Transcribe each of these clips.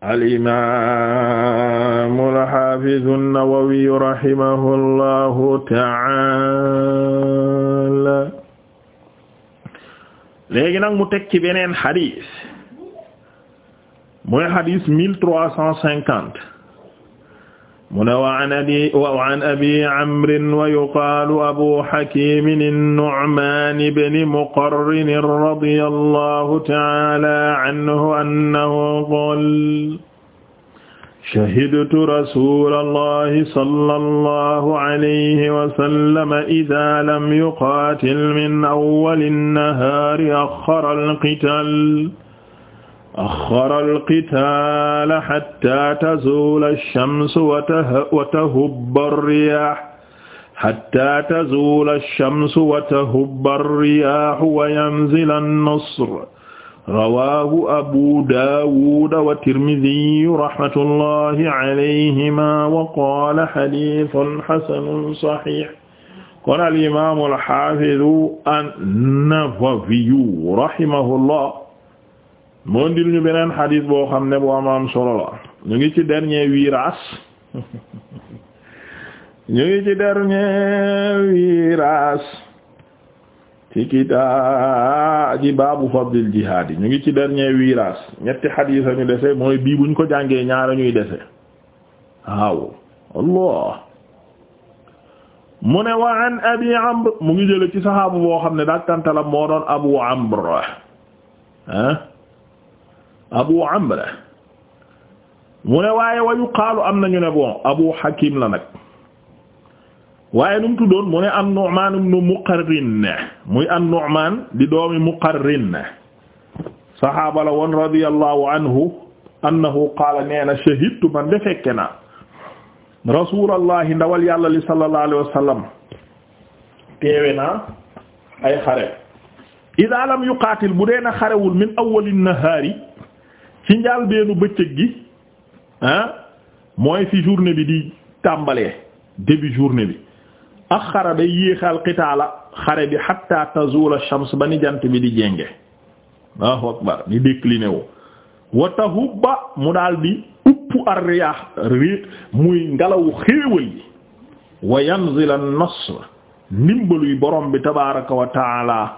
al-imaam al-haafiz an-Nawawi rahimahullahu ta'aala léegi nag mu teg ci beneen xadiis mooy xadiis mille trois cent cinquante mu ne wa an abi wa an abi amrin wa yuqaalu abu hakimin an-nu'man ibn muqarrin radiyallahu ta'ala anhu annahu qaala shahidtu rasulallahi sallallahu alayhi wa sallam idha lam yuqaatil min awwali an-nahaari akhkhara al-qitaal axara alqitaala xatta tazuula alcamsu wa tahubba alriyaax xatta tazuula alcamsu wa tahubba alriyaaxu wa yanzila alnasr rawaahu abu daawuda wa tirmidiyu rahmatullahi alayhima wa qaala xadiisun xasanun saxiix kon alimaamu alxaafidu an-nawawiyu rahimahullah moo ndil ñu beneen xadiis boo xam ne bu am am solo ñu ngi ci dernier virage ñu ngi ci dernier virage ci baabu fadlil jihaad ñu ngi ci dernier virage ñetti xadiis ñu dese mooy bii buñ ko jàngee ñaara ñuy dese waaw allah mu ne wa an abi amr mu ngi jële ci saxaabu boo xam ne daa kantalam moo doon abu amr ah abu amr mu ne waaye wayu qaalu am nañu ne bon abu hakim la nag waaye nu mu tuddoon mu ne an nu'man ibn muqarrin muy an nu'man di doomi muqarrin saxaaba la anhu annahu qaala na shahidtu man de fekke ndawal yàlla li sallallahu alayhi wa sallam teewe naa ay xare idaa lam yuqaatil bu dee na xarewul min awwalin nahaari ci njaal beenu bëccëg gi ah mooy fi journée bi di tàmbalee début journée bi axara day yéexal qitaala xare bi hatta tazula shams ba ni jant bi di jénge Allahu akbar ni décliné wu wa tahubba mu daal di upp ar riyah muy ngelawu xéewal yi wa yanzil an nasr ndimbaluy borom bi tabaraka wa taala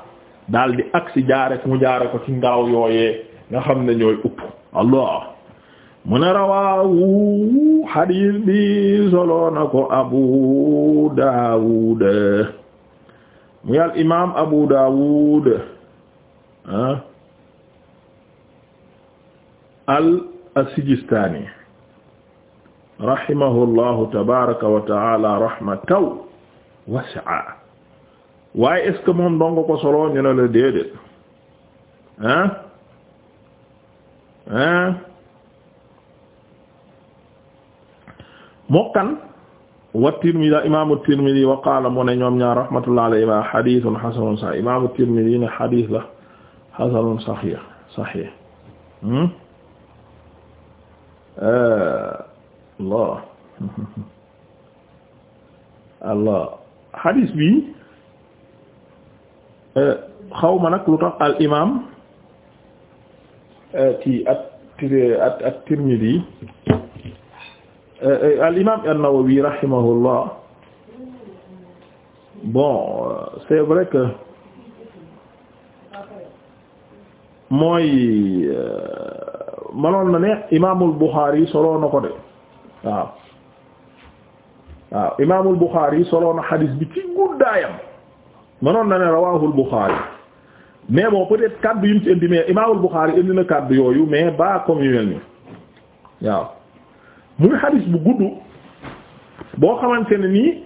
daal di agsi jaare mu jaare ko ci ngelaw yooyee nga xam ne ñooy upp allah mu ne rawaahu xadiis bi solo na ko abu daawud muy al imaam abu daawud ah al asijistaani rahimahullahu tabaaraka wa taala rahmataw wasaa waaye est-ce que moom dong ko solo ñu ne la déedéet ah mokkan wa Tirmidhi imaamu wa qaala mu ne ñoom ñaar rahmatullah alayhi ma saxiix imaamu Tirmidhi la xasanun saxiix saxiix hmm? eh, Allah Allah xadiis bi eh, xaw ma nag al imaam ci at at at Tirmidhi euh, euh, al imam an-Nawawi rahimahullah bon euh, c'est vrai que mooy manoon na ne imaamul Bukhari soloo na ko de waaw waaw imaamul Bukhari soloo na xadiis bi ci guddaayam manoon na ne rawaahul Bukhari mais bon peut-être kaddu yi mu ci indi mais Imaamul Buxaari indi na kaddu yooyu mais ba comme yu waaw muy xadis bu gudd boo xamante ne nii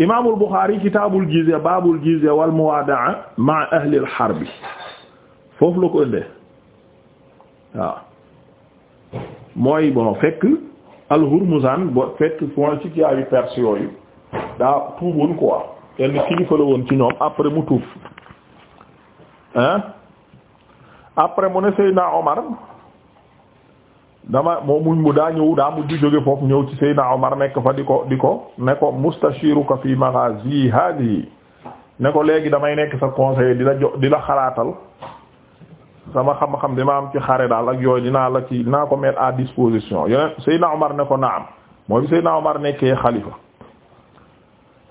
Imaamul Buxaari kitaabul jizya baabul jizya wal muwaadaa ma ahlil harbi foofu la ko indee waaw mooy bon fekk al bo fekk point ci kii yu perse yooyu daa tuuboon quoi kenn kilifa la woon ci ñoom après mu tuub. hein après mu ne Seydina Omar dama moom mu mu daa ñëw daa mujj jóge foofu ñëw ci Seydina Omar nekk fa di ko di ko ne ko mustashiruka fi maghazi hadi ne ko léegi damay nekk sa conseiller di la jo di la xalaatal sama xam-xam dama am ci xare daal ak yooyu dinaa la ci dinaa ko mettre à disposition yeneen Seydina Omar ne ko am mooy Seydina Omar nekkee xalifa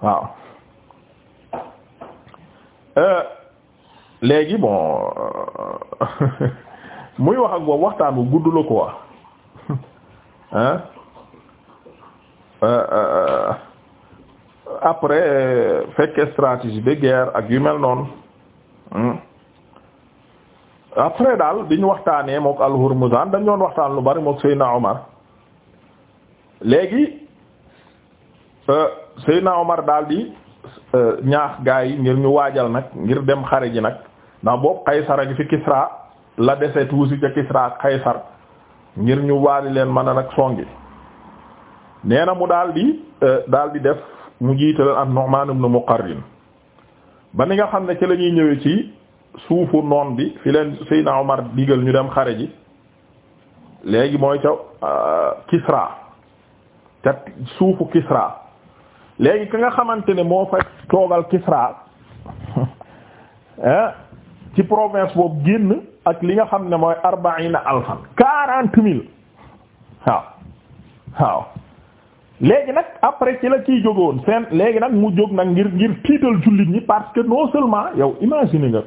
waaw euh, léegi bon euh, muy wax ak waxtaan wu gudd la ko wax ah après euh, fekk stratégie de guerre ak yu mel noonu hmm? après daal diñ waxtaanee mook al-Hurmuzan dañ doon waxtaan lu bari mook Seydina Omar léegi euh, Seydina Omar daal di ñaax gaa yi ngir ñu waajal nag ngir dem xare ji nag ndax boobu Qaysar a ngi fi Kisra la dese tuusi ca Kisra ak Qaysar ngir ñu waali leen mën a nag songi nee na mu daal di e, daal di def mu jiite leen am Nu'man ibn Muqarrin ba ni nga xam ne ci la ñuy ñëwee ci suufu noon bi fi leen Seydina Omar digal ñu dem xare ji léegi mooy ca e, Kisra ca suufu Kisra léegi ki nga xamante ne moo fay toogal Kisra ah ci province boobu génn ak li nga xam ne mooy arbaina alfan quarante mille waaw waaw léegi nag après ci la kiy jógoon seen léegi nag mu jóg nag ngir ngir tiital jullit ñi parce que non seulement yow imagine nga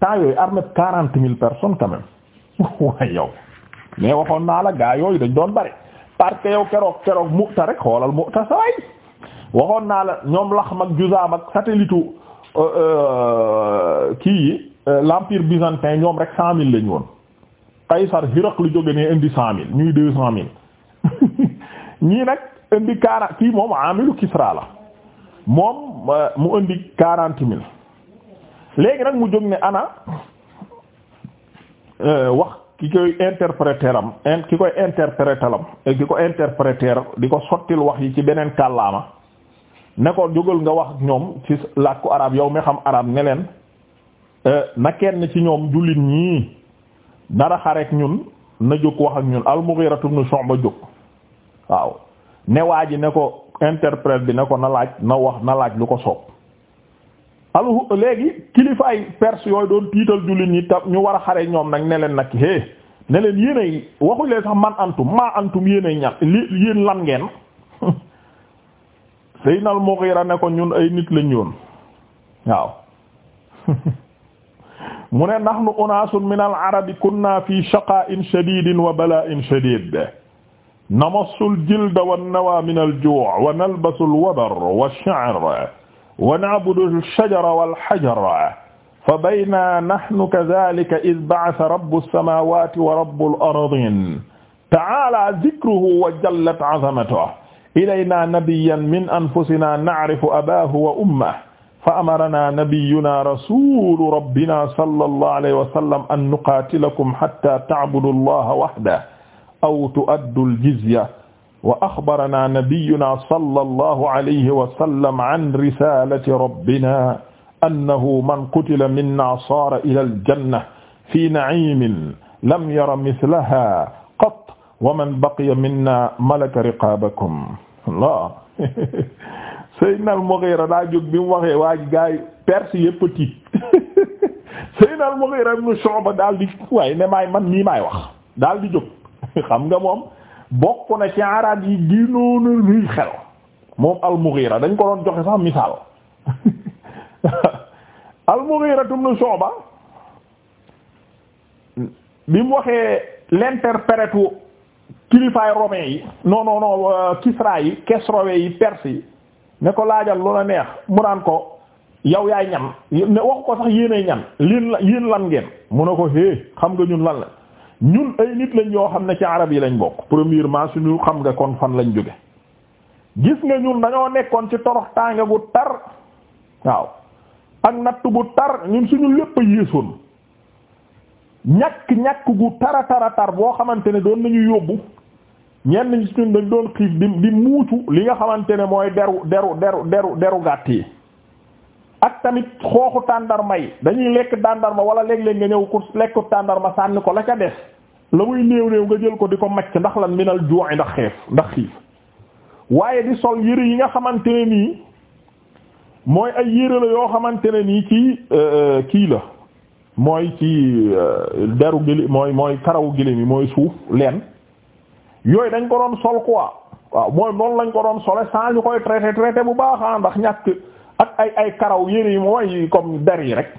temps yooyu armée quarante mille personnes quand même yow mais waxoon naa la gaa yooyu dañ doon bari parce que yow keroog keroog Mu'ta rek xoolal Mu'ta saway waxoon naa la ñoom lax mag jusaam ak satellite euh, euh, kii yi Euh, l'empire byzantin ñoom rek cent mille lañ woon Qaysar Hiraq lu jóge ne indi cent mille ñuy deux cent mille ñii nag indi quarante fii moom amilu Kisra la moom euh, mu indi quarante mille léegi nag mu jóg ne ana euh, wax ki koy interpréter am ki koy interpréter am ki ko interpréter di ko sottil wax yi ci beneen kàllaama ne ko jógal nga wax ñoom ci làkku arab yow mi xam arab ne leen Euh, na kenn ci ñoom jullit ñii nara xareek ñun na jóg wax ak ñun al-Mughira ibn jóg waaw ne waa ji ne ko interprète bi ne ko na laaj na wax na laaj lu ko soob alhu léegi kilifaay perse yooyu doon tiital jullit ñi tam ñu war a xare ñoom nag ne leen nag hé ne leen yéen ay waxuñ leen sax man antum maa antum yéen ay ñan li yéen lan ngeen Seynal Mughira ne ko ñun ay nit lañ yoon waaw mu ne nahnu unaasun min al arabi kunna fi shaqaa'in shadiidin wa balaa'in shadiid namassu al jilda wan nawaa min al juu' wa nalbasu al wabar wa ash-sha'ra wa na'budu al shajara wal hajara fa baynaa nahnu kadhaalika idh ba'atha rabbu as-samaawaati wa rabbu al ardiin ta'aalaa dhikruhu wa jallat 'azamatuhu ilaynaa nabiyyan min anfusinaa na'rifu abaahu wa ummahu fa amarana nabiyuna rasulu rabbina sallallahu alayhi wa sallam an nuqaatilakum hatta ta'budu allaha wahdahu aw tu'addu al-jizya wa axbarana nabiyuna sallallahu alayhi wa sallam an risalati rabbina annahu man qutila minna saara ila aljanna fi na'iimin lam yara mislaha qatt wa man baqiya minna malaka riqaabakum Allah Seydina al-Mughira daa jóg bi mu waxee waa ji gars yi Perse yëpp a tiit Seydina al-Mughira ibn Shu'ba daal di waaye ne maay man nii maay wax daal di jóg xam nga moom bokk na ci araab yi ginoonu nuy xel moom al-Mughira dañ ko doon joxe sax misaal al-Mughira ibn Shu'ba bi mu waxee l'interprète kilifaay romain yi non non non euh, Kisra yi kesrowe yi Perse yi ne ko laajal lu la neex mu naan ko yow yaay ñan ne wax ko sax yéenay ñan lin la yéen lan ngeen mu ne ko hé xam nga ñun lan la ñun ay nit lañ yoo xam ne ci arab yi lañ bokk premièrement suñu xam nga kon fan lañ jóge gis nga ñun dañoo nekkoon ci torox tànga bu tar waaw ak natt bu tar ñun suñu lépp a yéesoon ñàkk ñàkk gu tara tara tar boo xamante ne doon nañu yóbbu ñenn ñi ñun dañ doon xiif di muucu li nga xamante ne mooy deru deru deru deru deru gàtt yi ak tamit xooxu tàndarma yi dañuy lekk tàndarma wala léeg-léeg nga ñëw ku lekku ma sànni ko la ca des la muy néew néew nga jël ko di ko macc ndax lan minal ju'i ndax xeef ndax xiif waaye di sol yére yi nga xamante ne nii mooy ay yére la yoo xamante ne nii ci euh, euh, kii la mooy ci euh, deru gili mooy mooy karawu gili yi mooy suuf leen yooyu dañ ko doon sol quoi waaw mooy noonu lañ ko doon sole sans ñu koy traité traité bu baax ah ndax ñàkk ak ay ay karaw yére yi mooy comme der yi rek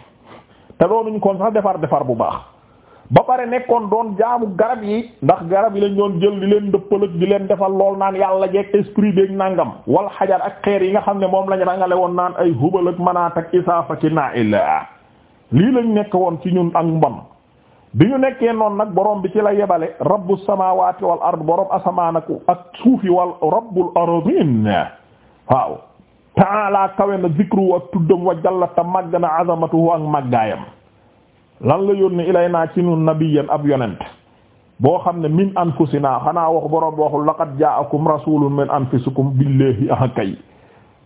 te doonuñ kon sax defar defar bu baax ba pare nekkoon doon jaamu garab yi ndax garab yi lañ doon jël di leen dëppalëg di leen defal lool naan yàlla jeeg esprit beeg nàngam wal xajar ak xeer yi nga xam ne moom lañ rangale woon naan ay hubal ak manaat ak isaafa ci naa lii lañ nekk woon ci ñun ak mbon bi ñu nekkee noonu nag boroom bi ci la yebale rabbu samawati wal ard ak suufi wal rabbul aradin waaw ta'ala kawe na zikru ak tuddam wa jallata màgg na azamatuhu ak màggaayam lan la yónni ilayna ci nun nabiyyan ab yonent boo xam ne min anfusina xanaa wax borom bi waxul laqad ja'akum rasulun min anfusikum billahi ahkay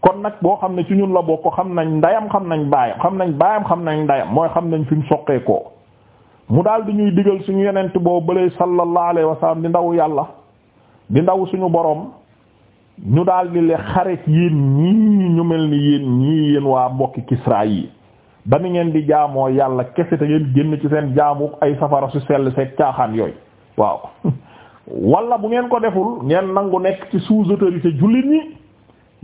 kon nag boo xam ne ci ñun la bokk xam nañ ndayam xam nañ baayam xam nañ baayam xam nañ ndayam mooy xam nañ fi mu soqeekoo mu daal di ñuy digal suñu yonent boo ba sallallahu alayhi wa sallam di ndaw yàlla di ndaw suñu boroom ñu daal di le xarit yéen ñii ñu mel ni yéen ñii yéen waa mbokki Kisra yi ba ni ngeen di jaamoo yàlla kese te ngeen génn ci seen jaamu ay safara su sell seeg caaxaan yooyu waaw wala bu ngeen ko deful ngeen nangu nekk ci sous autorité jullit ñi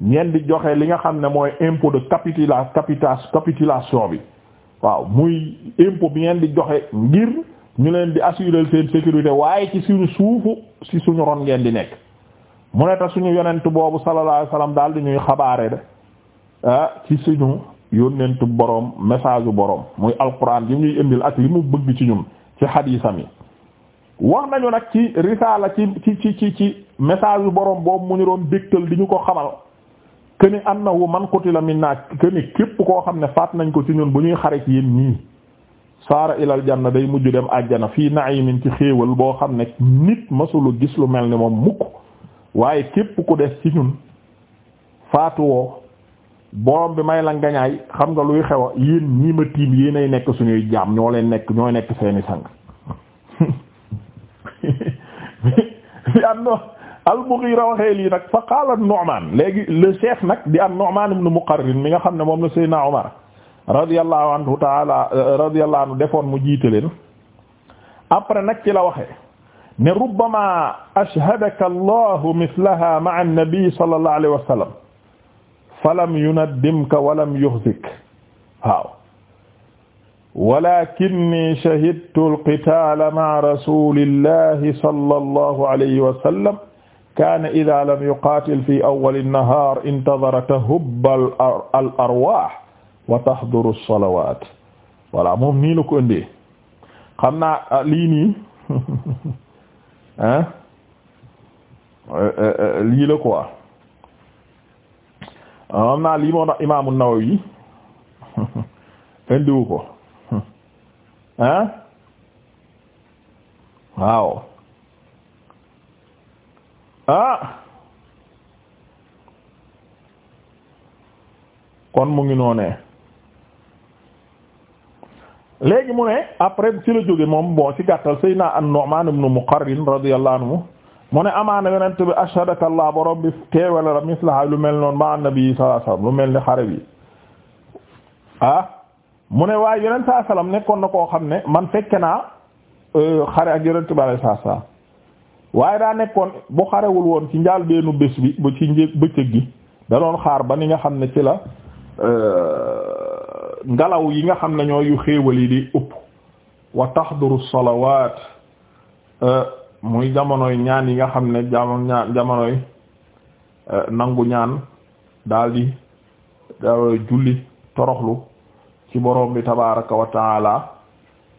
ngeen di joxe li nga xam ne mooy impôt de capitula capitulation bi waaw muy impôt bi ngeen di joxe ngir ñu leen di assurer seen sécurité waaye ci suñu suufu ci suñu ron ngeen di nekk mu ne te suñu yonent boobu sallallahu alayhi wasallam daal di ñuy xabaare de ah ci suñu yonentu boroom message bu boroom muy alquran yi ñuy indil ak li mu bëgg ci ñun ci xadiisam yi wax nañu nag ci risaala ci ci ci ci message bu boroom boobu mu ñu doon dégtal di ñu ko xamal këni annahu man qutila minna këni képp koo xam ne faat nañ ko ci ñun bu ñuy xarit yéen ñii saara ilal janna day mujj dem àjjana fii naa yi na'imin ci xéewal boo xam ne nit masulu gis lu mel ni moom mukk waaye képp ku des ci ñun faatuwoo borom bi may la ngañaay xam nga luy xew a yéen ñii ma tiim yéenay nekk suñuy jaam ñoo leen nekk ñooy nekk seeni sang bi am na al-Mughira waxee lii nag fa qaala Nu'man léegi le chef nag di am Nu'man ibn Muqarrin mi nga xam ne moom la Seydina Umar radiyallahu anhu taala radiyallahu anhu defoon mu jiite leen après nag ci la waxee ne rubbama ashhadaka allahu mislaha ma'a an-nabi sallallahu alayhi wa sallam falam yunaddimka walam yukhzik waaw walakinni shahidtu al-qitala ma'a rasulillahi sallallahu alayhi wa sallam kaana idaa lam yuqaatil fi awwali nahaar intadara tahubba al arwaax wa tahduru salawaat voilà moom nii la ko ëndee xam naa ah, lii nii ah lii la quoi xam naa lii moo tax imaamu Nawawi indiwu ko ah waaw. Ah. kon mu ngi noonee léegi mu ne après ci la jóge moom moo ci gàttal Seydina an-Nu'man ibn Muqarrin radiyallahu anhu mu ne amaana yonent bi ashhadaka Allah borom bi teewala la mislaha lu mel noonu ma annabi sallallahu alayhi wasallam lu mel ni xare bi ah mu ne waaye yonent sallallahu alayhi wasallam nekkoon na koo xam ne man fekke naa euh, xare ak yonent bi sallallahu alayhi wasallam waaye daa nekkoon bu xarewul woon ci njaal beenu bés bi ba ci një bëccëg gi da doon xaar ba ni nga xam ne ci la euh, ngelaw yi nga xam ne ñooy yu xéewal yi di upp wa taxduru salawaat euh, muy jamonoy ñaan yi nga xam ne jamono ñaan jamonoy euh, nangu ñaan daldi julli toroxlu ci borom bi tabaaraka wa taala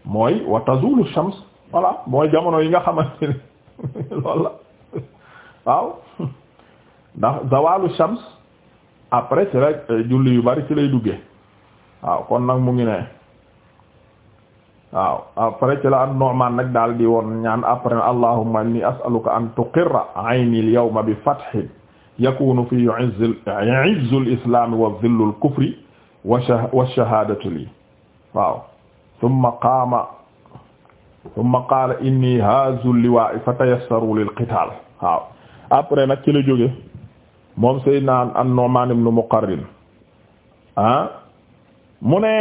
mooy wa tazulu shams voilà mooy jamono yi nga xamante ne loolu la waaw ndax zawalu shams après ci rek euh, julli yu bari ci lay duggee waaw kon nag mu ngi ne waaw après ci la an Nu'man nag daal di woon ñaan après allahumma inni as'aluka an tuqirra ayni al-yawma bi fathin yakunu fi izzu al-islam wa dhillu al-kufri wa shahadatu li waaw thumma qaama thumma qaala inni haazu liwaa'i fatayassaru lil qitaal waaw après nag ci la jóge moom Seydina an-Nu'maan ibn Muqarrin ah mu ne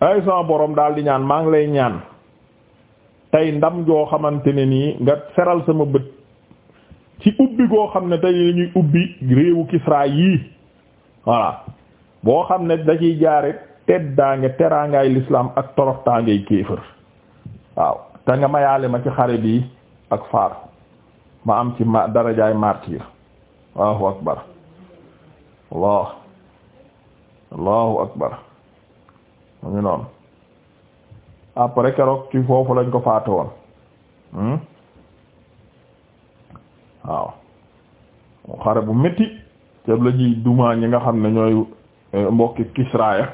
ay sama borom daal di ñaan maa ngi lay ñaan tey ndam joo xamante ne nii nga seral sama bët ci ubbi goo xam ne tey lañuy ubbi réewu Kisra yii voilà boo xam ne da ciy jaare teddaange teraangaay l'islam ak toroxtaangay kéefër waaw te nga mayaale ma ci xare bi ak faar ma am ci ma darajaay martyr allahu akbar allah allahu akbar mu ngi noonu après keroog ci foofu lañ ko faate woon hmm? waaw xare bu metti ceeb la ji duma ñi nga xam ne ñooy eh, mbokki kisraaya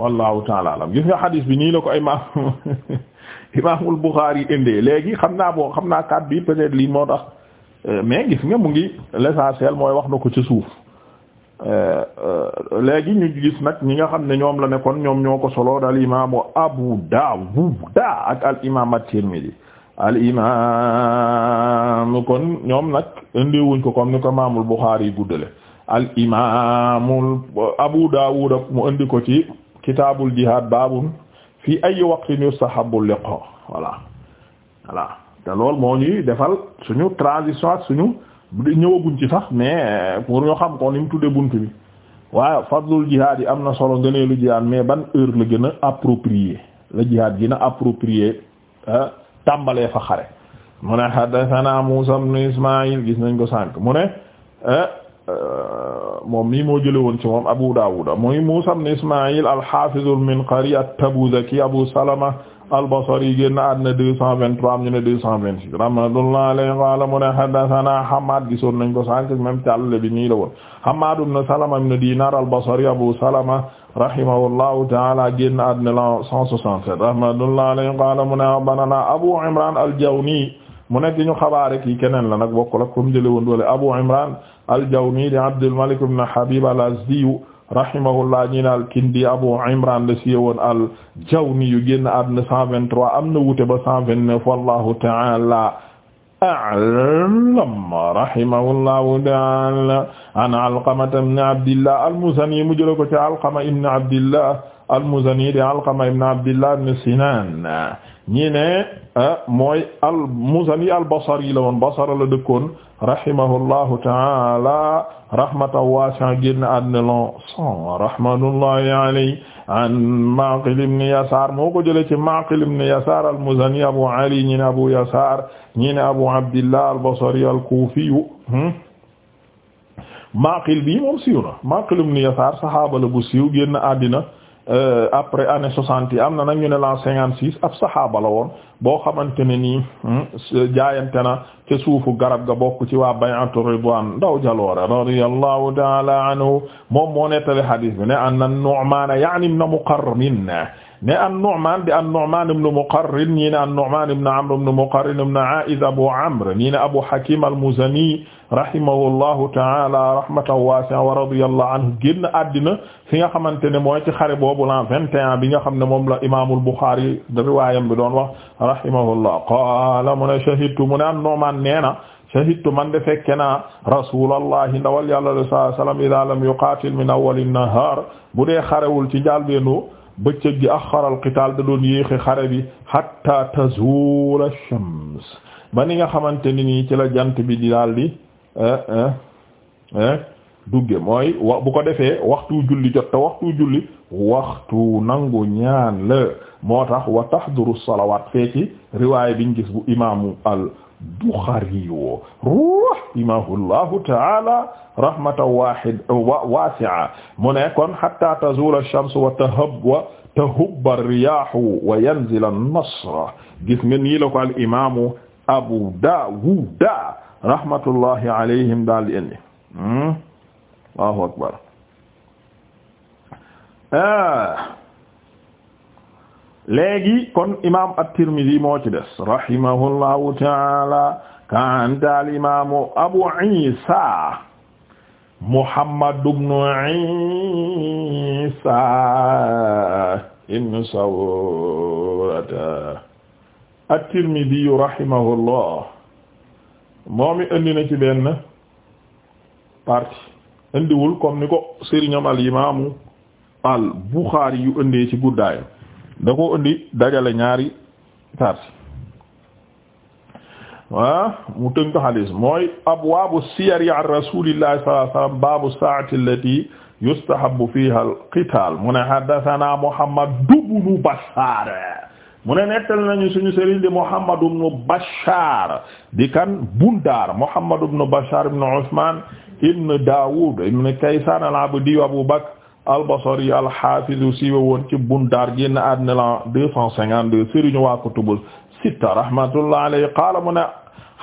wallahu taala gis nga xadiis bi nii la ko ay Imaamul Bukhari indee léegi xam naa boo xam naa kàddu bi peut-être lii moo tax euh, mais gis nga mu ngi l'essentiel mooy wax na ko ci suuf euh, euh, léegi ñu gis nag ñi nga xam ne ñoom la nekkoon ñoom ñoo ko solo daal imaamu Abu Dawud ak al imaam kon ñoom nag indiwuñ ko comme ni ko Imaamul Bukhari guddale al imaamul Abu Dawud mu indi ko ci kitaabul jihaad baabun fii ay waqtin yustahabbu liqa voilà voilà te loolu moo ñuy defal suñu transition ak suñu ñëwaguñ ci sax mais euh, pour ñu xam ko ni mu tuddee bunt bi waaw fadlul jihaad yi am na solo lu jihaad mais ban heure la gën a approprié la jihaad gën a approprié euh, tàmbalee fa xare mu ne hadathana Muusaa ibn Ismaayil gis nañ ko sànk mu ne euh, Euh, moom mii moo jëlee woon ci moom Abu Dawud muy Musa ibn Ismaïl al-Hafiz al-Minqari at-Tabuzaki Abu Salama al-Basri génn àddina deux cent vingt-trois ñu ne deux cent vingt-six rahmatullahi alayhi qala mu ne haddathana Hammad gisoon nañ ko sànq même càllale bi nii la woon Hammad ibn Salama ibn Dinar al-Basri Abu Salama rahimahullahu ta'ala génn àddina la cent soixante-sept rahmatullahi alayhi qala mu ne banana Abu Imran al-Jawni mu nekk ñu xabaare kii keneen la nag bokkul ak comme jëlee woon doole Abu Imran al-Jawni di Abdul Malik ibn Habib al-Azdi rahimahullah ñi ne al-Kindi Abu Imran la siiwoon al-Jawni yu génn àdduna 123 am na wuute ba 129 wallahu ta'ala a'lam rahimahullahu ta'ala an Alqama ibn Abdillah al-Muzani mu jël ko ci Alqama ibn Abdillah al-Muzani di Alqama ibn Abdillah ibn Sinan ñi ne ah, mooy al Muzani al Basri la woon Basra la dëkkoon rahimahullahu ta'ala rahmatan waasi'a génn àddina lon son rahmatullahi an Ma'qil ibn Yasar moo ko jëlee ci Ma'qil ibn Yasar al Muzani Abu Ali ñi ne Abu Yasar ñi ne Abu Abdillah al Basri al Kufi hmm? Ma'qil bi moom siiw na ibn Yasar sahaaba la bu siiw génn àddina Euh, après année soixante yi am na nag ñu ne l'an cinquante six ab saxaaba la woon boo xamante ne nii hmm, jaayante na ca suufu garab ga bokk ci waa bay'atu ridwaan ndaw jaloore radiyallahu ta'ala anhu moom moo nettali hadis bi ne anna Nu'maan ya'ni Muqarrin ne an-Nu'man di an-Nu'man ibn Muqarrin ñii ne an-Nu'man ibn Amr ibn Muqarrin ibn A'idh Abu Amr ñii ne Abu Hakim al-Muzani rahimahullahu ta'ala rahmatan wasi'a wa radiyallahu anhu génn àddina fi nga xamante ne mooy ci xare boobu lan 21 bi nga xam ne moom la imaamul Bukhari riwaayam bi doon wax rahimahullah qaala mu ne shahidtu mu ne an-Nu'man nee na shahidtu man de fekke naa rasulallahi ndawal yàlla sallallahu alayhi wa sallam idha lam yuqatil min awwal an-nahar bu dee xarewul ci njàlbéenu bëccëg gi axara al qitaal da doon yéexe xare bi hatta tazuula shams ba ni nga xamante ni nii ci la jant bi di daal di eh, eh, eh, dugge mooy bu ko defee waxtu julli jot te waxtu julli waxtu nangu ñaan la moo tax wa tahduru salawaat fee ci riwaay biñ gis bu imaamu al Bukhari yo rahimahullahu ta'ala rahmatan wahid wasi'a mu ne kon hatta tazula ash-shamsu wa tahab wa tahubba ar-riyahu wa yanzila an-nasr gis nga nii la ko al imamu Abu Dawud rahmatullahi alayhim daal di indi hmm? Allahu akbar ah. léegi kon imam at-Tirmidhi moo ci des rahimahullahu taala kanta al imamu Abu Isa Muhammad ibn Isa ibn Sawrata at-Tirmidhi rahimahullah moom i indi na ci benn partie indiwul comme ni ko sëriñam al imamu al Bukhari yu indee ci guddaayam da ko indi dajale ñaari parti ah mu tënk hadis mooy abwaabu siyari an rasulillahi sallallahu alayhi wasallam baabu saa'ati allati yustahabbu fiha al-qitaal mu ne haddathana Muhammad ibn Bashar mu ne nettal nañu suñu sëriñ di Muhammad ibn Bashar di kan Bundar Muhammad ibn Bashar ibn Usman ibn Dawud ibn Kaysan al-Abdi Abu Bakr al-Basri al-Hafiz siiwe woon ci Bundaar génn àddina la 252 sëriñ waa kutubu sitta rahmatullah alayhi qaala mu ne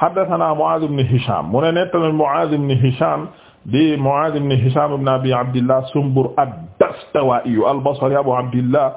haddathana Mu'aaz ibn Hisham mu ne nettali Mu'aaz ibn Hisham di Mu'aaz ibn Hisham ibn Abi Abdillah Sumbur ad-Dastuwaa'i al-Basri Abu Abdillah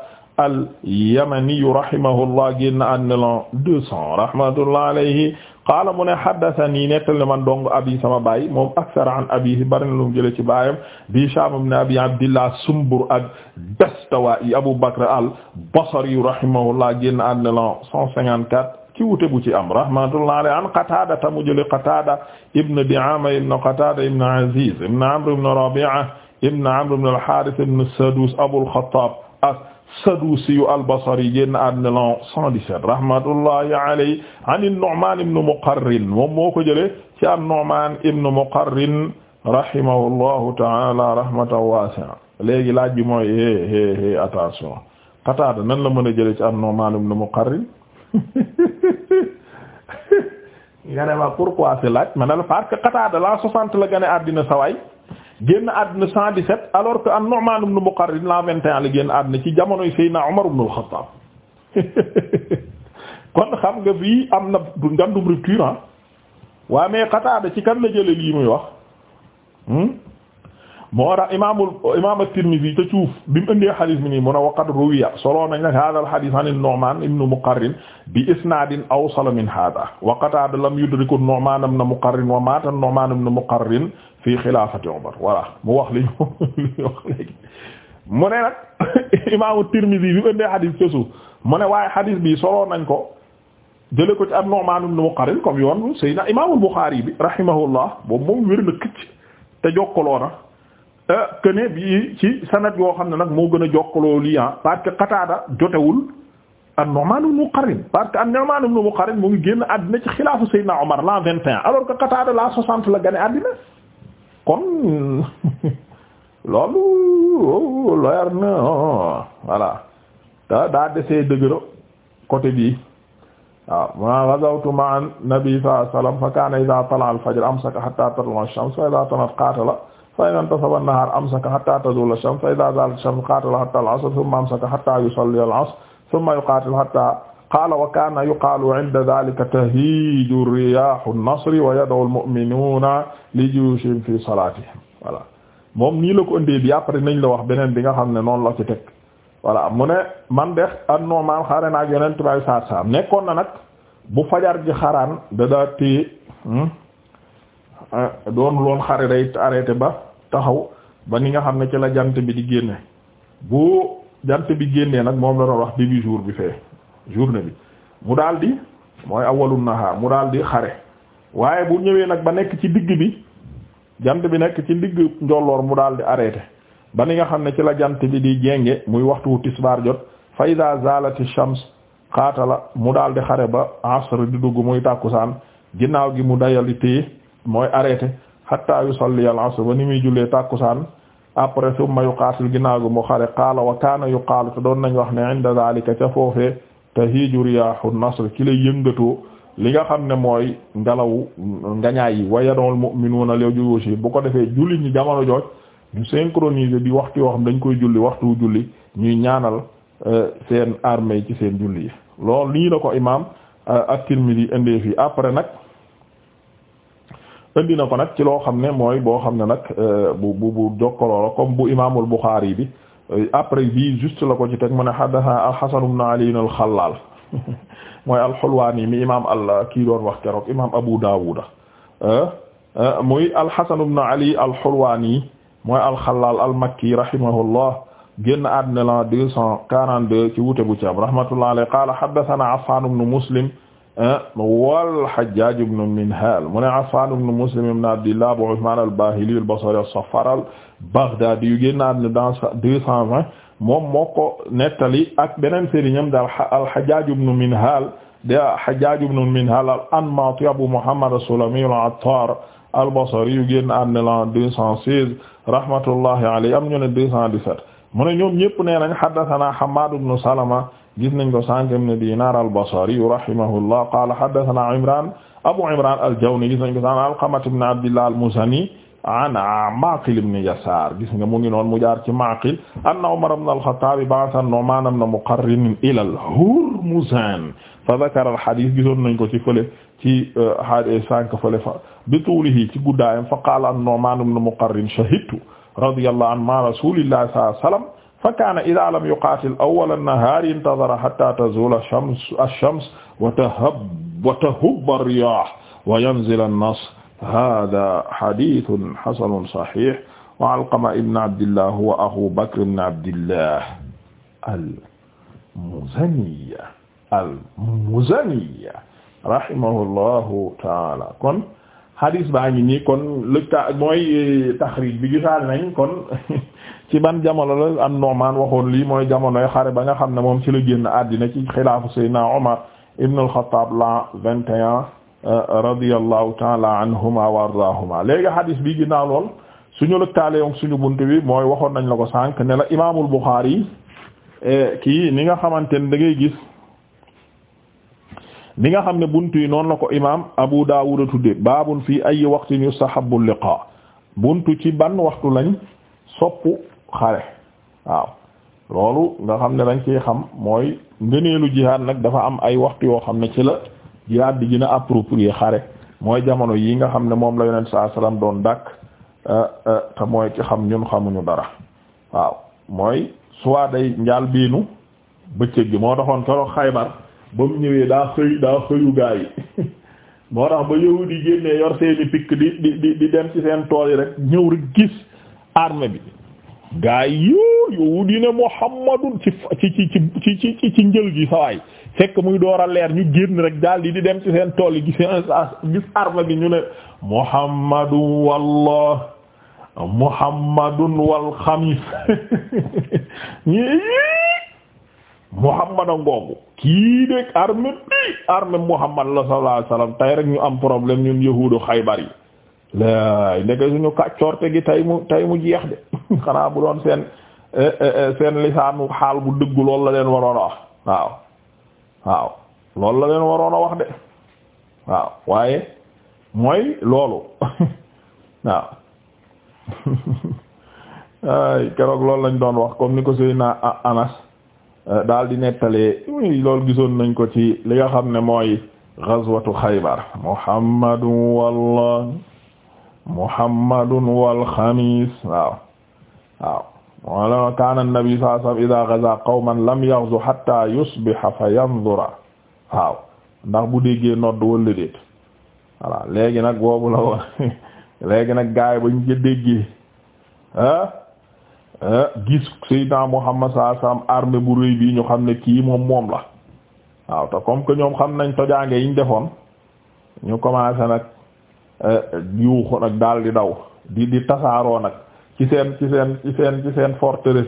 al-Yamani rahimahullah génn àddina la 200 rahmatullah alayhi qaala mu ne haddathanii nettal ne man dong abi sama baay moom akthar an abiihi bari na lu mu jëlee ci baayam bi Hishaam ibn Abi Abdillah Sumbur ad-Dastawaa'i Abu Bakr al-Basri rahimahullah génn àddina la 154 ci wute bu ci am rahmatullah alayhi an Qataada ta mu jëlee Qataada ibn Di'aama ibn Qataada ibn Aziz ibn Amr ibn Rabi'a ibn Amr ibn al-Haarith ibn Saduus Abul Khattaab Sadusi yu al-Basri génn àddina lan rahmatullahi alayhi an an-Nu'man ibn Muqarrin moom moo ko jëlee ci an-Nu'man ibn Muqarrin rahimahullahu ta'ala rahmatan wasi'a léegi laaj bi mooy eh eh eh attention nan la mën a jëlee ci an-Nu'man ibn Muqarrin nga ne ma pourquoi laaj ma ne la parce que Qatada la 60 la gane àddina sawaay génn àdduna 117 alors que an-Nu'man ibn Muqarrin la 21 la génn àdduna ci jamonoy Seydina Umar ibn al-Khattab kon xam nga bi am na ngandum rupture ah mais Qatada ci kan la jële lii muy wax hmm? moo tax imaamul imaam at-Tirmidhi te suuf bi mu indee xadis bi nii mu ne waqad ruwiya solo nañ nag al numan ibn Muqarrin bi isnaadin awsala min haadha wa a lam yudriku an-Nu'man ibn Muqarrin wa maata an-Nu'man mu wax li ñu wax léegi. mu ne nag imaam at bi mu a xadis te mu ne waaye xadis bi solo nañ ko jëlee ko ci an-Nu'man ibn Muqarrin comme yoon Bukhari bi rahimahullah boobu moom wér na këcc te jokkaloo këne euh, bi ci sanad yoo xam ne nag moo gën a jokkaloo lii ah parce que Qataada jotewul an-Nu'man ibn Muqarrin parce que an-Nu'man ibn Muqarrin mu ngi génn àddina ci xilaafu Seydina Omar l'an vingt et alors que Qataada l'an soixante la gane àddina kon loolu oh, leer na oh, voilà te daa desee dëgëra côté bii waaw ah, ma ghazawtu ma'a an-nabi sallallahu alayhi fa kaana idha tala'a al-fajr amsaka hatta tatlu'a ash-shams wa idha tanat qatala fa in intasaba an-nahaar amsaka hattaa tazuula ash-shams fa idhaa zaalat ash-shams qaatala hattaa al-'asr thumma amsaka hattaa yusalli al-'asr thumma yuqaatilu hattaa qaala wa kaana yuqaalu 'inda dhaalika tahiiju riyaahu an-nasri wa yad'u al-mu'minuuna li juushihim fii salaatihim voilà moom nii la ko ëndee la wax beneen bi nga xam ne noonu la ci teg voilà mu ne man de an-Nu'maan xare naag yonent bay saar saar nekkoon na nag bu fajar gi xaraan da daa téye hmm? Ah, doon loon xare day arrêté ba taxaw ba ni nga xam ne ci la jant bi di génne bu jant bi génnee nag moom la doon wax début jour bi fee journée bi mu daal di mooy awalul nahaar mu daal di xare waaye bu ñëwee nag ba nekk ci digg bi jant bi nekk ci digg njolloor mu daal di arrêté ba ni nga xam ne ci la jant bi di jénge muy waxtu tisbaar jot fa iza zalati shams xaatala mu daal di xare ba asr di dugg muy tàkkusaan ginnaaw gi mu dayali téye mooy arrêté hatta yusalli al-asr ba ni muy jullee tàkkusaan après thumma yuqaatil ginnaaw gi mu xare qaala wa kaana yu yuqaalu te doon nañ wax ne inda zalika ca foofee tahiiju riyaahu nasr ci lay yëngatoo li nga xam ne mooy ngelawu ngañaay yi wa yadul mu'minuuna li juyuushihim bu ko defee julli ñi jamono jooj ñu synchroniser di waxtu yoo xam dañ koy julli waxtu julli ñuy ñaanal euh, seen armée ci seen julli yi loolu lii la ko imaam euh, at-Tirmidhi indee fii après nag indi na ko nag ci loo xam ne mooy boo xam ne nag euh, bu bu bu jokkaloo comme bu imaamul Buxaari bi euh, après bi juste la ci teg mu ne haddathanaa al-Hasan ibn Ali al-Xallaal mooy al-Hulwaani mi imaam kii doon wax keroog imaam Abu Daawuda euh, muy al-Hasan ibn Ali al-Hulwaani mooy al-Xallaal al-Makki rahimahullah génn àddina la deux cent quarante-deux ci wuute bu ci am rahmatullahi alayhi qaala haddathanaa Affaan ibn Muslim wal Hajjaj ibn Minhal mu ne Affan ibn Muslim ibn Abdillah Abu Uthman al-Bahili al-Basri as-Saffar al-Baghdadi yu génn àdduna dans deux cent vingt moom moo ko nettali ak beneen sëriñam daal al-Hajjaj ibn Minhal de Hajjaj ibn Minhal al-Anmati Abu Muhammad as-Sulami al-Attar al-Basri yu génn àdduna l'an deux cent seize rahmatullahi alayhi am ñu ne deux cent dix-sept mu ne ñoom ñëpp nee nañ haddathana Hammad ibn Salama gis nañ ko sànq ibn Dinar al-Basri rahimahullah qala haddathana Imran Abu Imran al-Jawni gis nañ ko sànq Alqama ibn Abdillah al-Muzani an Maqil ibn Yasar gis nga mu ngi noon mu jaar ci Maqil anna Umar ibn al-Khattab ba'atha Nu'man ibn Muqarrin ila al-Hurmuzan fa dhakara al-hadith gisoon nañ ko ci fële ci euh, hadith eh, sànq fële fa bi tuulihi ci guddaayam fa qala an-Nu'man ibn Muqarrin shahidtu radiyallahu anhu ma rasulillahi sallallahu alayhi wa sallam fa kaana idaa lam yuqaatil awwala nahaari intazara hattaa tazuula ash-shams ash-shams wa tahab wa tahubba ar-riyaah wa yanzila an-nasr haadaa hadiithun hasanun sahiih wa Alqama ibn Abdillah wa akhuu Bakr ibn Abdillah al-Muzani al-Muzani rahimahullahu taala kon hadith baa ngi nii kon lëkka mooy eh, taxriij bi gisaal nañ kon ci ban jamono la an Nu'man waxoon lii mooy jamonoy xare ba nga xam ne moom ci la génn àddina ci xilaafu Seydina Omar ibn al-Khattab la 21 euh, radiyallahu ta'ala anhuma wa ardaahuma léegi hadis bi ginnaaw lool suñu lëkkaale yoon suñu bunt bi mooy waxoon nañ la ko sànq ne la imaamul Bukhari euh, kii ni nga xamante ne da ngay gis ni nga xam ne bunt yi noonu la ko imaam Abu Dawud a tudde baabun fii ay waqtin yustahabbu liqaa buntu ci ban waxtu lañ soppu xare waaw loolu nga xam ne dañ ci xam mooy ngëneelu jihaad nag dafa am ay waxtu yoo xam ne ci la jihaad di dina approprié xare mooy jamono yi nga xam ne moom la yonent saa salaam doon dàkk eh, eh, te mooy ci xam ñun xamuñu dara waaw mooy soit day njaal biinu bëccëg bi moo taxoon keroog xaybar ba mu ñëwee daa xëy daa xëyu gaa yi moo tax ba yahuud yi génnee yor seeni pikk di di dem ci seen tool yi rek ñëw rek gis armée bi gaa yi yoo yow dina Muhammadun ci ci ci ci ci njël gi sawaay fekk muy door a leer ñu génn rek daal di di dem ci seen tool yi gis gis arme bi ñu ne Muhammadun wallah Muhammadun wal xamis ñii Muhammad a ngoogu kii de arme bi arme Muhammad la sallallahu alayhi wasallam tey rek ñu am problème ñun yahuudu Xaybar yi laay ndeke suñu kàccoorte gi tay mu tay mu jeex de xanaa bu doon seen eh, eh, eh, seen lisaanu xaal bu dëggu lool la leen waroon a wax waaw waaw loolu la leen waroon a wax de waaw waaye mooy loolu waaw ay keroog loolu lañ doon wax comme ni ko Seydina Anas daal di nettalee lool gisoon nañ ko ci li nga xam ne mooy gazwatu Xaybar Muhammadu wallahi muhammadun wal xamiis waaw waaw wala kaana annabi sallallahu alayhi wa sallam idaa gazaa qawman lam yaghzu hatta yusbiha fa yanzura waaw ndax bu déggee nodd walla déet voilà léegi nag boobu la woon léegi nag gaay ba ñu ko déggee ah gis sayyidina muhammad sallallahu alayhi wa bu rëy bi ñu xam ne kii moom moom la waaw te comme que ñoom xam nañ tojaange yiñ defoon ñu commencé nag yuuxu nag daal di daw di di tasaaroo nag ci seen ci seen ci seen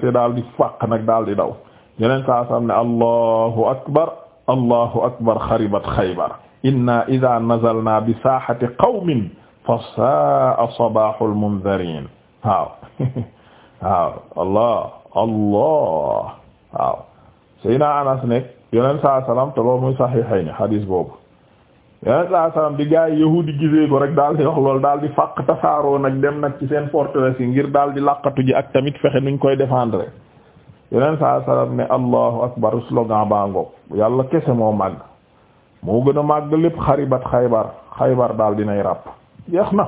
ci daal di fàq nag daal di daw yeneen saa sam ne allahu akbar allahu akbar xaribat xaybar inna ida nazalna bi saaxati qawmin fa saa sabaahu almundarin waaw waaw allah allah waaw sayna anas nekk yeneen saa salaam te loolu muy saxiixayni xadiis boobu yeneen saa salaam bi gaa yi yahudi gisee ko rek daal di wax lool daal di fàq tasaaroo nag dem nag ci seen forteresse yi ngir daal di làqatu ji ak tamit fexe nuñ koy défendre yeneen saa salaam ne allahu akbar slogan baa ngoog yàlla kese moo màgg moo gën a màgg lépp xaribat xaybar xaybar daal dinay ràpp jeex na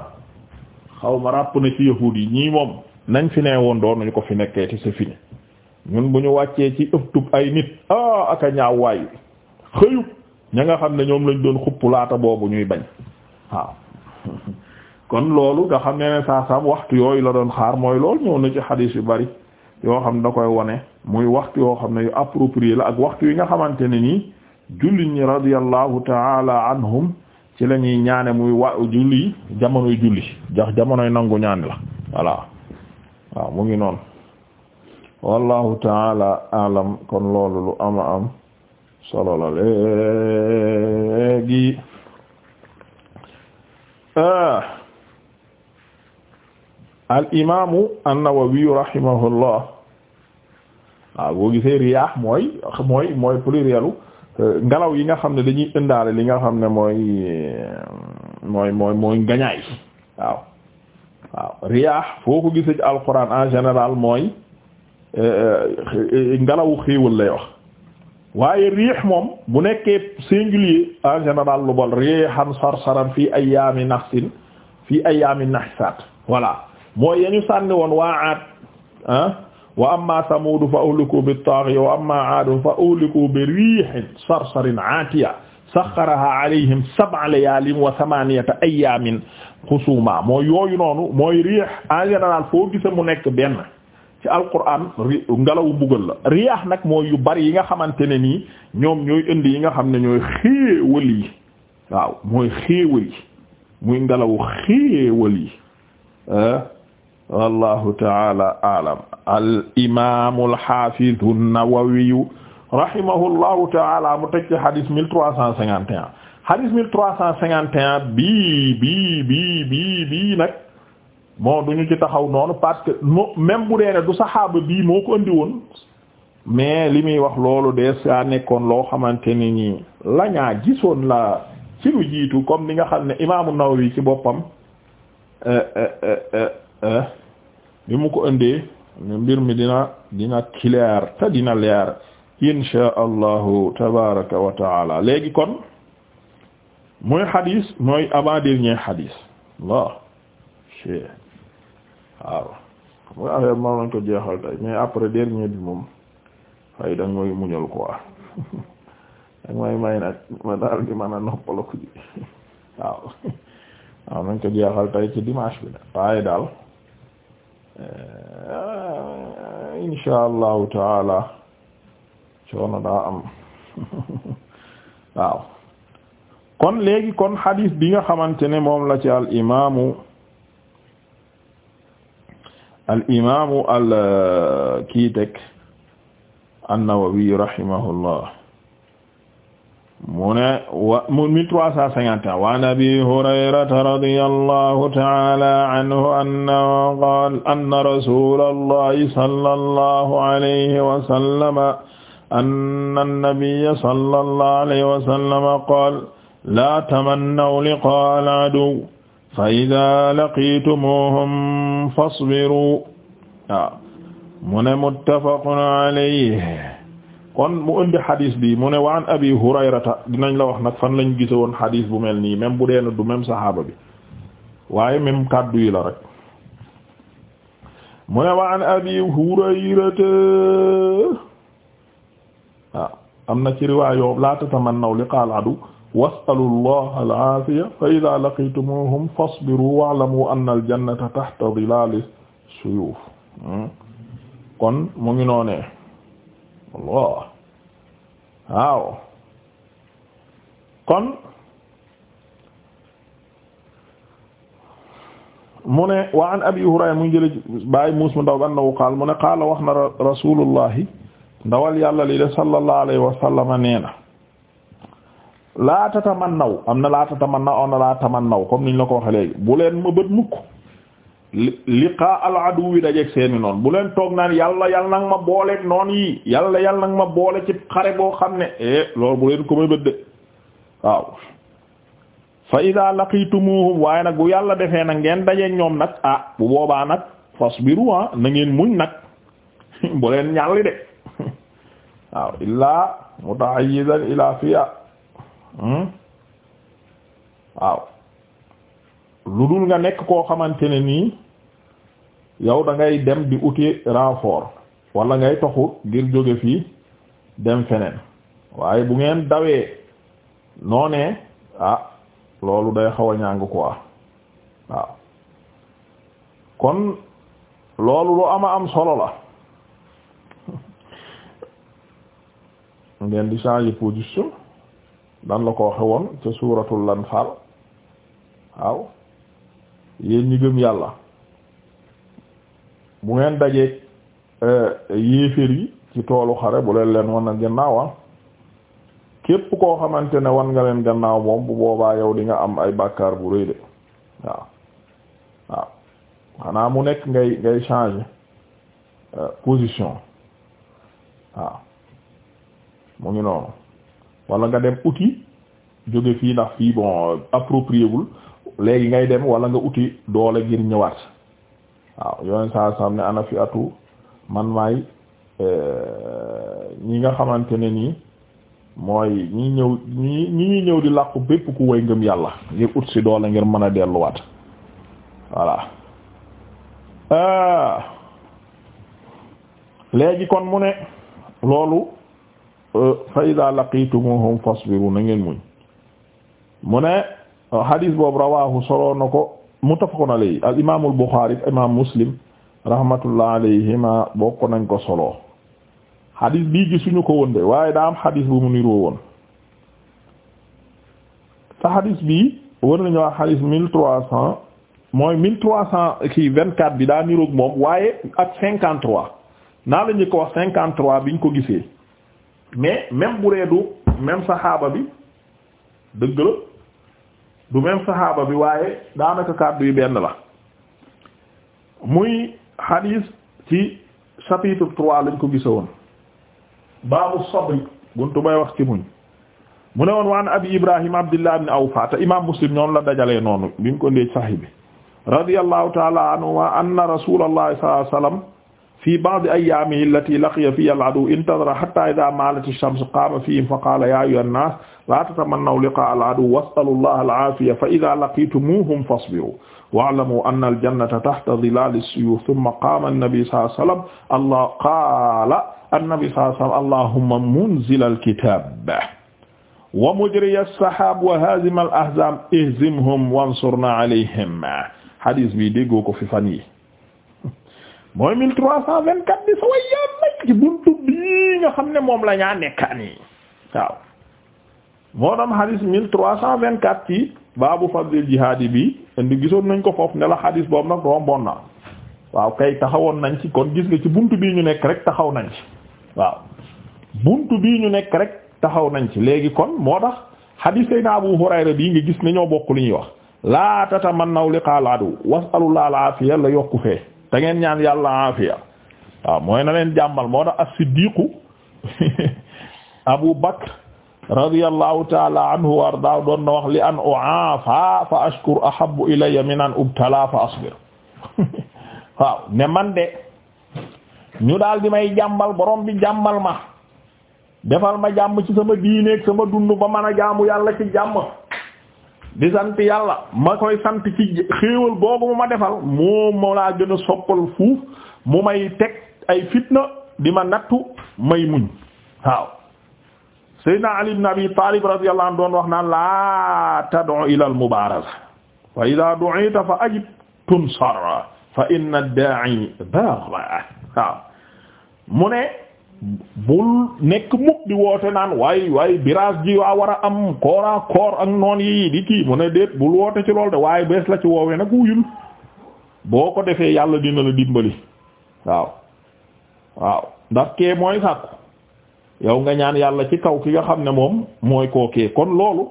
xawma ma ràpp na ci yahudi yi ñii moom nañ fi ne woon doonuñu ko fi nekkee te c'est ñun bu ñu wàccee ci ëpp tub ay nit ah aka ñaaw waayu xëyub ña nga xam ne ñoom lañ doon xupp laata boobu ñuy bañ waaw kon loolu nga xam ne ne saa saam waxtu yooyu la doon xaar mooy lool ñëw na ci xadiis yu bari yoo xam ne da koy wone muy waxtu yoo xam ne yu approprié la ak waxtu yi nga xamante ne nii jullit ñi radiyallahu taala anhum ci la ñuy ñaane muy wa julli jamonoy julli jax jamonoy nangu ñaan la voilà waaw mu ngi noonu wallahu taala alam kon loolu lu ama am solo la léegi al ah. imaamu an-Nawawi rahimahullah waaw ah, boo gisee riyaax mooy mooy mooy plurielu ngelaw yi nga xam ne dañuy indaale li nga xam ne mooy mooy mooy mooy ngañaay waaw waaw riyaax foo ko gisee ci alquran en général mooy eh, eh, ngelawu xéewal lay wax waaye riix moom bu nekkee singulier en général lu bol riixan sarsaran fii ayyaami nahsin fii ayyaami nahsat voilà mooy yañu sànni woon waa aat ah wa amma samudu fa uhliku bi taaghiyah wa amma aadun fa uhliku bi riihin sarsarin aatiya saxaraha alayhim sab'a layaalin wa thamaniyata ayyamin xusuuma mooy yooyu noonu mooy riix en général foo gise mu nekk benn ci alquran ngelawu mbugal la riyaax nag mooy yu bari yi nga xamante ne nii ñoom ñooy indi yi nga xam ne ñooy xéewal yi waaw mooy xéewal yi muy ngelawu xéewal yi eh? wallahu taala alam al imamu alhafidu nawawiyu rahimahullahu taala mu teg ci hadis trois cent cinquante et un hadis bon du ñu ci taxaw noonu parce que mo même bu dee ne du saxaaba bii moo ko andi woon mais li muy wax loolu de saa nekkoon loo xamante ni nii lañaa ñaa gisoon la ci jiitu comme ni nga xam ne imaamu Nawawi ci boppam eh, eh, eh, bi mu ko indee mbir mi dina dina clair te dina leer insha allahu tabaraka wa léegi kon mooy xadis mooy avant dernier xadis waaw waaw mooy affaire bi nañ ko jeexal tey mais après dernier bi moom fay da nga may muñal quoi da nga may may nag ma daal di mën a noppaloo ji waaw nañ ko jeexal tey ci dimanche bi nag waaye daal eh, insha allahu taala coono daa am waaw kon léegi kon hadith bi nga xamante ne moom la ci al imaamu. al imaamu al uh, kii teg an-Nawawi rahimahullah mu ne wa mu mille trois cent cinquante et un wa an Abi Hurayrata radiyallahu ta'ala anhu annahu qaala anna rasulallahi sallallahu alayhi wa sallam anna an-nabiyya sallallahu alayhi wa sallam qaala laa tamannaw liqaa'al aduww fa ida laqitumuhum fasbiru waaw mu ne muttafaqun alayhi kon mu indi xadis bi mu ne waan abi hurayrata dinañ la wax nag fan lañ gise woon xadis bu mel nii même bu deen du même saxaaba bi waaye même kàddu yi la rek mu ne waan abi hurayrata waaw am na ci riwaay yoo la tatamannaw liqaal adu wasalu llah alaafiya fa ida laqitumuhum fasbiru waalamu anna aljannata tahta dilali suyuf kon mu ngi noonee allah waaw kon mu ne wa an abi hurayra mu ngi jële bàyyi muus mu ndaw bi annahu qaal mu ne qaala wax na rasulullahi ndawal yàlla li de sallallahu alayhi wa sallama nee na laa naw am na laa tatamannaw man na laa tamannaw comme niñ la ko waxee léegi bu leen ma bët mukk liqaa al adu wi dajeeg seeni noonu bu leen toog naan yàlla yàlla nag ma boole noon yi yàlla yàlla nag ma boole ci xare boo xam ne eh loolu bu leen ko may bët de waaw fa ida laqitumuhum waaye nag bu yàlla defee na ngeen dajeeg ñoom nag ah bu boobaa nag fasbiru ah na muñ nag bu leen ñàlli de waaw illaa muta'ayyizan ila fiya Hmm? waaw lu dul nga nekk koo xamante ne nii yow dangay ngay dem di uti renfort wala ngay toxu ngir jóge fii dem feneen waaye bu ngeen dawee noo ah loolu day xaw a ñàng quoi waaw kon loolu lu ama am solo la ngeen di changer position nan la ko waxe woon ca suuratul lan lanfaal waaw yéen ñi gëm yàlla bu ngeen dajeek eh, yéeféer yi ci toolu xare bu leen leen wan a gannaawa ah. képp koo xamante ne wan nga leen gannaaw moom bu boobaa yow di nga am ay bàkkaar bu rëy de waaw waaw xanaa mu nekk ngay ngay changer eh, position waaw mu ngi noonu wala nga dem uti jóge fii ndax fii bon approprié wul léegi ngay dem wala nga uti doole ngir ñëwaat waaw yoneen saa sam ne ana fi atu man maay eh, ñi nga xamante ne nii mooy ñi ñëw ñi ñi ñëw di làqu bépp ku way ngëm yàlla ngir ut si doole ngir mën a delluwaat voilà ah. léegi kon mu ne loolu fa ida laqitumuhum fasbiru na ngeen muñ mu ne hadis boobu rawahu soloo na ko muttafaqun alayhi al imam al bukhari imam muslim rahmatullah alayhima bokk nañ ko solo hadis bi gisuñu ko woon de waaye daa am hadis bu mu niroo woon te hadis bii war nañu wax hadis mille trois cent mooy mille trois cent kii vingt quatre bi daa niroog moom waaye ak cinquante trois naa la ko wax cinquante trois biñ ko gisee mais même bu reedu du même saxaaba bi dëgg la du même saxaaba bi waaye daanaka kàddu yi benn la muy xadiis ci chapitre trois lañ ko gisa woon baabu sabri buntu bay wax ci muñ mu ne woon waan abi ibrahim abdillah ibn awfa te imam muslim ñoom la dajalee noonu bi mu ko ndéej saxi bi radiyallahu taala anhu wa anna fi ba'di ayyaamihi allati laqiya fiha al-aduwwa intadhara hatta idha malat ash-shamsu qama fihim fa qala ya ayyuha an-nas la tatamannaw liqa'a al-aduwwi was'alu allaha al-'afiya fa idha laqitumuhum fasbiru wa'lamu anna al-jannata tahta dhilali as-suyuf thumma qama an-nabi sallallahu alayhi wa sallam allah qala an-nabi sallallahu alayhi wa sallam allahumma munzil al-kitab wa mujriya as-sahab wa hazima al-ahzab ihzimhum wansurna alayhim hadis bi déggoo ko fi fan yi mooy mille trois cent vingt quatre bi sa yaa nekk ci buntu bii nga xam ne moom lañaa nekk nekkaan yi waaw moo doon xadis mille trois cent vingt quatre ci baabu fadlil jihaad yi bi indi gisoon nañ ko foofu ne la xadis boobu nag romboon na waaw kay taxawoon nañ ci kon gis nga ci bunt bii ñu nekk rek taxaw nañ ci waaw buntu bii ñu nekk rek taxaw nañ ci léegi kon moo tax xadis sayna Abu Hurayra bii nga gis ne ñoo bokk li ñuy wax laa tatamannaw liqaal adu wasalullah al afiya la yokku te ñaan yàlla aafiya waaw mooy na leen jàmmal moo tax as-siddiqu abu bakr radiyallahu taala anhu wa arda doon na wax li an u'afa fa ashkur ahabbu ilayya min an ubtala fa asbir waaw ne man de ñu daal di may jàmmal borom bi jàmmal ma defal ma jàmm ci sama diineeg sama dund ba mën a jaamu yàlla ci jàmm di sant ma koy sant ci xéewal boobu mu ma defal moom moo laa gën a soppal fuuf mu may teg ay fitna di ma nattu may muñ waaw sayyidina ali ibn abi talib radiyallahu anhu doon wax naan laa tad'u ila al mubaraza fa idha du'ita fa ajib tunsar fa inna ad mu ne bul nekk mukk di woote naan waay waay biraas ji waa war a am koora koor ak noon yi di kii mu ne déet bul woote ci loolu de waaye bees la ci woowee nag wuyul boo ko defee yàlla dina la dimbali waaw waaw ndax kee mooy sàkku yow nga ñaan yàlla ci kaw ki nga xam ne moom mooy koo kee kon loolu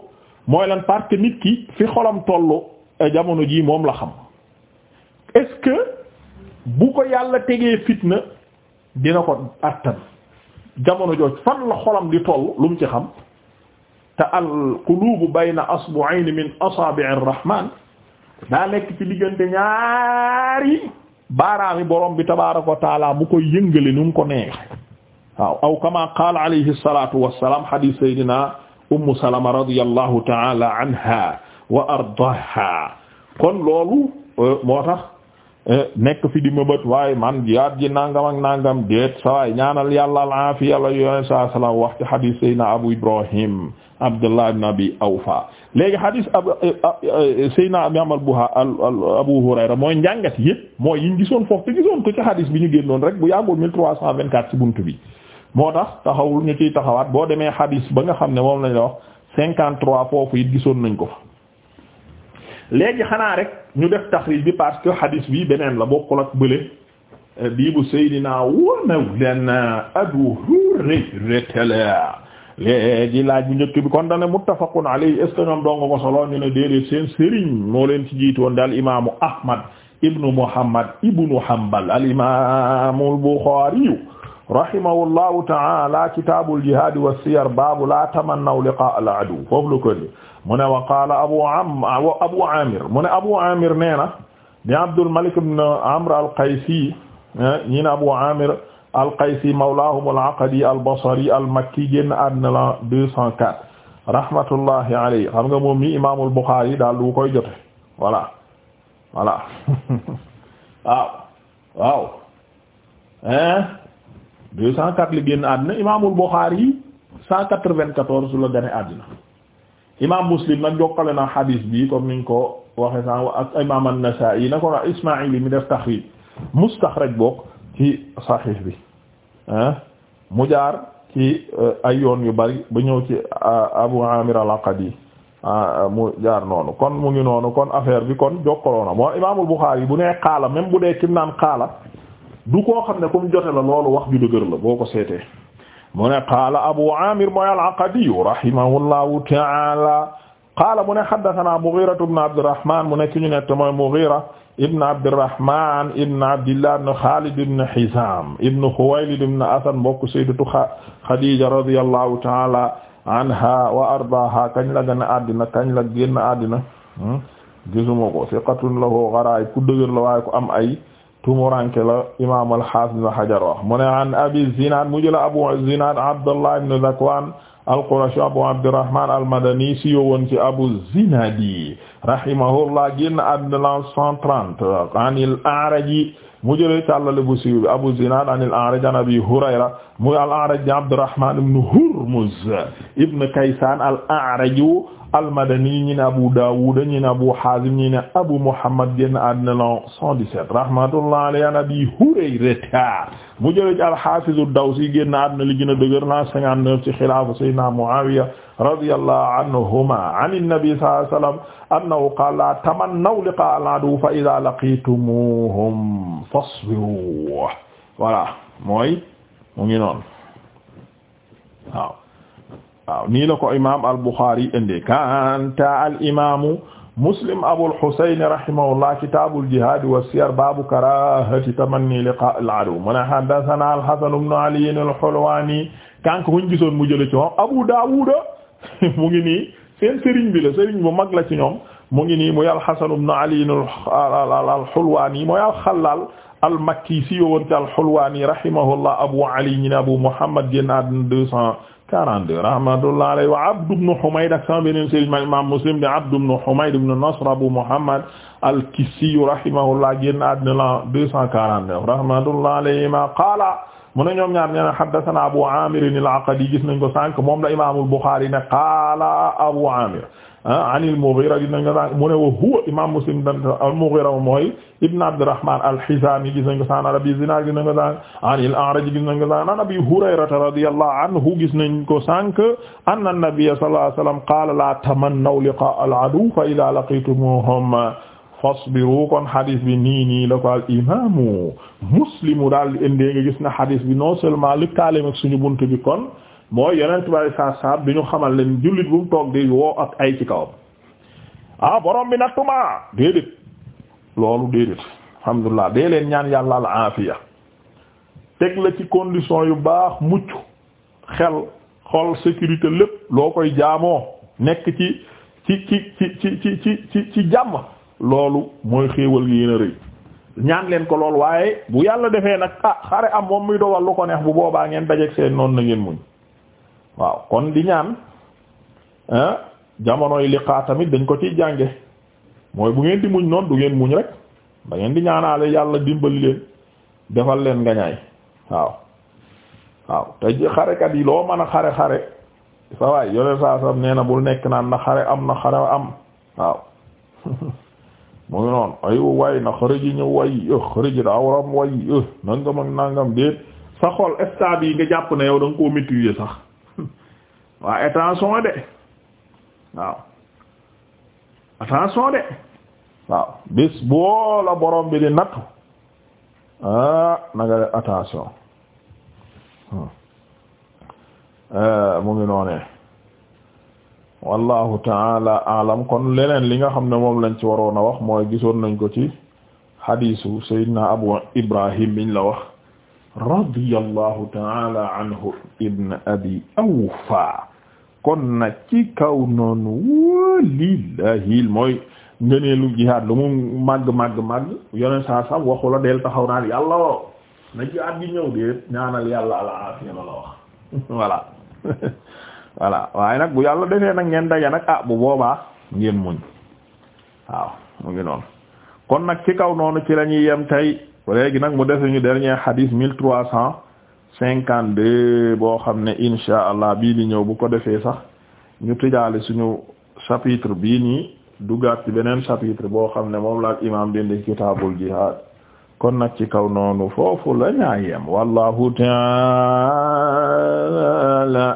mooy lan parce nit ki fi xolam tollu e, jamono jii moom la xam est-ce que bu ko yàlla tegee fitna dina ko attan jamono jooj fan la di toll lu ci xam te al qulubu bayna asbu'ayn min asaabi'ir rahman daa nekk ci diggante ñaari baaraami borom bi tabaaraka wa taala bu koy yëngale nu mu ko neex waaw aw kama qaala alayhi wassalam hadith sayyidina ummu salama radiyallahu taala anha wa ardaha kon loolu euh, moo Eh, nekk fi di mëbët waaye man jiyaat ji nangam ak nangam déet sawaay ñaanal yàlla alaafiya la yoneen saa salaam wax ci hadis Seydina Abu Ibrahim Abdullah ibn Abi Awfa léegi hadis ab eh, eh, Seydina Imam Abu Hurayra mooy njàngat yëpp mooy yi gisoon foofu te gisoon ko ci hadis bi ñu génnoon rek bu yàggul 1324 ci bunt bi moo tax taxawul ñu ciy taxawaat boo demee hadis ba nga xam ne moom lañ la wax 53 foofu it gisoon nañ ko fa léegi xanaa rek ñu def taxrij bi parce que hadith bi beneen la bokkul ak bële euh, bii bu Seydina wa mawlana euh, Abu Hurayra la léegi laaj bu njëkk bi kon dana muttafaqun alayhi est ce que ñoom ne déedéet seen sëriñ moo leen ci jiitoon daal imaamu Ahmad ibnu Muhammad ibnu Hanbal al imaamu al Bukhari rahimahullahu ta'ala kitaabul jihaad was siyar baabu laa tamannaw liqaa al aduw foofu mu ne wa qaala abu am abu amir mu abu amir nee na abdul malik ibn amr al qaysi ñi al aqadi al basri al makki génn àddina la rahmatullahi alayhi xam nga moom mi imaamul buxaari daal du koy jote voilà voilà waaw waaw hein 204 li génn àddina imaamul buxaari 194 la gane àddina imaam muslim nag jokkale na xadiis bi comme niñ ko waxe san ak imaam an yi na ko na Ismaa'ili mi def tax rek bokk ci saxiix bi mu jaar ci euh, ay yoon yu bari ba ñëw ci euh, Abu Aamir al-Aqadi mu jaar noonu kon mu ngi noonu kon affaire bi kon jokkaloo na moo imaamul Buxaari bu nee xaala même bu dee kim naan xaala du koo xam ne comme jote la loolu wax du dëgër la boo ko seetee mu ne qaala abu amir mooy al-Aqadiyu rahimahullahu ta'ala qaala mu ne haddathana Mughira ibn Abdirrahman mu ne ki ñu nett mooy Mughira ibn Abdirrahman ibn Abdillah ibn Khalid ibn Hizam ibn Khuwaylid ibn Asan mbokk sayyidatu Khadija radiyallahu ta'ala anha wa ardaaha kañ la gën a addina kañ la génn addina hmm? gisuma ko thiqatun lahu gharaib ku dëgër la waaye ku am ay tumuranke la imam al-Hafiz ibn Hajar wax mu ne an abi Zinad mu jëla Abu Zinad Abdullah ibn Zakwan al-Qurashi Abu Abdurrahman al-Madani si yowoon ci Abu Zinadi rahimahullah génn àddina la 130 an al-A'raj mu jëlee tallale bu siiw bi Abu Zinad an al-A'raj an Abi Hurayra mu al-A'raj Abdurrahman ibn Hurmuz ibn Kaysan al-A'raj almadani ñi ne Abu Dawud ñi ne Abu Hazim ñi ne Abu Muhammad génn àddina la 117 rahmatullah alayhi an Abi Hurayrata mu jële ci al-Hafiz ad-Dawsi génn àddina li gën a dëgër la 59 ci xilaafa Sayyidina Muawiya radiyallahu anhuma an an-nabi sallallahu alayhi wa sallam annahu qala la tamannaw liqa al-aduw fa idha laqitumuhum fasbiru voilà mooy mu ngi noonu waaw waaw nii la ko imaam al Bukhari indi kanta al imaamu muslim abul Husayn rahimahullah kitaabul jihaad wa siyar baabu karaahati tamanni liqaa al aduw mu ne haddasanaa al Hasan ibn Ali al Hulwaani kànk muñ gisoon mu jële ci moom Abu Daawuda mu ngi nii seen sëriñ bi la sëriñ bu mag la ci ñoom mu ngi nii muy al Hasan ibn Ali al Hulwaani mooy al Xallaal al Makki si yowoon ci al Hulwaani rahimahullah Abu Ali ñi ne Abu Muhammad génn àddina deux cent 42 rahmatullah alayhi wa Abd ibn Humayd ak sama beneen sëriñ ma imam Muslim de Abd ibn Humayd ibn Nasr Abu Muhammad al-Kissi rahimahullah génn àddina la 249 rahmatullah alayhima qaala mu ne ñoom ñaar ñaar haddathana Abu Amir al-Aqadi gis nañ ko sànq moom la imamul Bukhari ne qaala Abu Amir Ah, anil Mughira gis nañ ko sànq mu ne wa huwa imam Muslim al Mughira mooy ibn Abdurrahman al-Hizami gis nañ ko sànq an Abi Zinad gis nañ ko sànq anil A'raj gis nañ ko sànq an Abi Hurayrata radiyallahu anhu gis nañ ko sànq anna an-nabiyya sallallahu alayhi wa sallam qala la tamannaw liqa'a al-aduw fa idha laqitumuhum fasbiru kon hadis bi nii nii la ko al imamu Muslim daal di indi nga gis na hadis bi non seulement li taalim ak suñu buntu bi kon mooy yonent bari saa saab bi ñu xamal leen jullit bu mu toog di woo ak ay ci kawam ah borom bi nag nattuma déedéet loolu déedéet alhamdulilah dee leen ñaan yàlla al aafiya teg la ci condition yu baax mucc xel xol sécurité lépp loo koy jaamoo nekk ci ci ci ci ci ci ci ci jàmm loolu mooy xéewal gi yéen a rëy ñaan leen ko lool waaye bu yàlla defee nag ah xare am moom muy dogal lu ko neex bu boobaa ngeen dajeek seen noonu na ngeen muñ waaw kon di ñaan ah, jamonoy liqaa tamit dañ ko ciy jànge mooy bu ngeen di muñ noonu du ngeen muñ rek da di ñaanaale yàlla dimbali leen defal leen nga waaw te xarekat yi loo mën a xare xare sa waay saa sam nee na bul nekk naan na xare am na xare am waaw mu ngi noonu ay way na xërëji ñu way eh, xërëji da awram way eh, nangam ak nangam déet sa xol stade yi nga jàpp ne yow da nga koo maîtriser sax waa attention de waaw attention de waaw bis boo la borom bi di nattu ah na nga def attention hmm. eh, mu ngi noonee wallahu taala alam kon leneen li nga xam ne moom lañ ci waroon a wax mooy gisoon nañ ko ci hadisu Seydina Abu Ibrahim biñ la wax radiyallahu taala anhu ibn abi awfa kon nag ci kaw noonu walillahil mooy ngëneelu jihaad lu mu màgg màgg màgg yoneen saa sam waxu la del taxaw naan yàlla woo na jihaad gi ñëw de ñaanal yàlla ala afiya la wax voilà voilà waaye nag bu yàlla defee nag ngeen daje nag ah bu boobaa ngeen muñ waaw mu ngi noonu kon nag ci kaw noonu ci lañuy yem léegi nag mu dese ñu dernier hadith mille trois cent cinquante deux boo xam ne insha allah bii di ñëw bu ko defee sax ñu tëjaale suñu chapitre bii nii duggaat ci beneen chapitre boo xam ne moom laal imam dindi kitaabul jihad kon nag ci kaw noonu foofu la ñaayem wallahu ta'ala